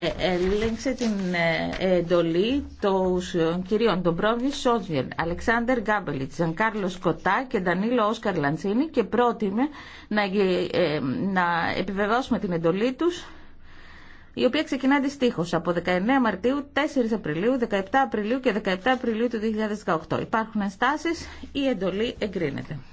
Ε, έλεγξε την ε, εντολή των ε, κυρίων των πρόβλης Σόζιεν, Αλεξάνδερ Γκάμπελιτ, Ζαν Κάρλο Σκοτά και Ντανίλο Όσκαρ Λαντσίνη και πρότεινε να, να επιβεβαιώσουμε την εντολή τους η οποία ξεκινά αντιστοίχω από 19 Μαρτίου, 4 Απριλίου, 17 Απριλίου και 17 Απριλίου του 2018. Υπάρχουν ενστάσει, η εντολή εγκρίνεται.